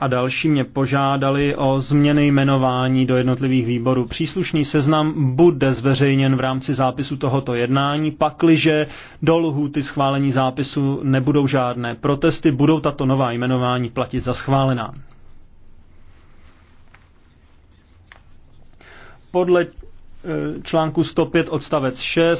a další mě požádali o změny jmenování do jednotlivých výborů. Příslušný seznam bude zveřejněn v rámci zápisu tohoto jednání, pakliže do lhůty schválení zápisu nebudou žádné protesty, budou tato nová jmenování platit za schválená. Podle eh, článku 105 odstavec 6